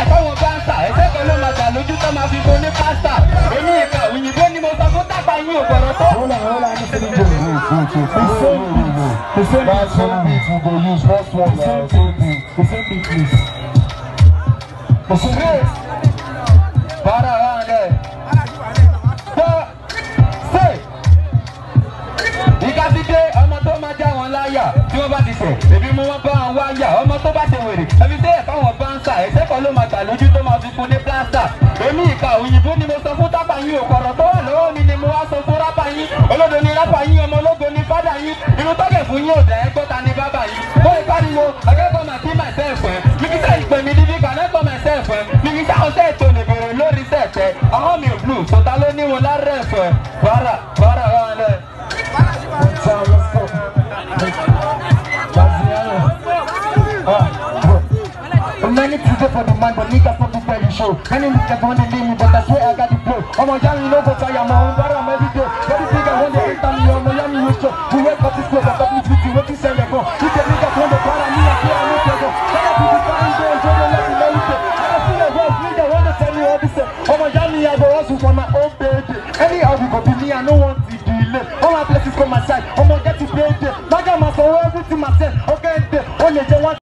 ẹ̀ fáwọn báńsà ẹ̀sẹ̀ kan ló máa gbà lójú tó máa fi bo ní pásítà oní ìka òyìnbó ni mo sọ fún tápá yín ò gbọ̀rọ̀ tó. ó là ó là ní sinmi jò ní ìfúnfún the same beat the same beat the same beat we go use first one na the same beat the same beat please. the same beat. bàrà wà lẹ̀. tó ṣe ìkásídé ọmọ tó máa já wọn láyà tí wọ́n bá ti sẹ̀ èmi mú wọn bá wọn wáyà ọmọ tó bá ṣe wèrè ẹsẹ̀ kan ló máa gbà lójú tó máa fi kun ní plásítà èmi ìka òyìnbó ni mo sọ fún tápà yín òkọ̀rọ̀ tó wà lọ́wọ́ mi ni mo wá sọ fún rápà yín olódo ni rápà yín ọmọ ológo ni fádà yín irun tọ́kẹ̀ fún yín òdà ẹgbọ́ ni bábà yín ó lè pariwo akẹ́kọ̀ọ́ mà sí myself ẹ̀ mi kì í sẹ́ ìpè mi níbi kànẹ́kọ̀ọ́ myself ẹ̀ mi kì í sáwọn sẹ́ ètò ìbèrè lórí sẹ́ẹ̀tẹ̀ ọmọ mi blú sọta ló ní wọn lárẹ́ ẹ̀fẹ̀ wàrà wàrà wàrà lẹ́ Ah many people for the man, but niggas for this belly show. Many niggas want to leave me, but I swear I got the flow. I'm a young, you know, but I am my own I'm every day. But this nigga want to hate me, I'm a young, you know, to wake up this club, but that means we do what this and go. If the niggas want to baram me, I feel I'm not go. Can I put this on the enjoy the life in every day? I don't feel like what nigga want to tell me all this. I'm a young, I go hustle for my own baby. Anyhow, we go to me, I no want to delay. All my blessings come my side, I'm gonna get to pay day. Maga must owe everything myself, okay? Only the one.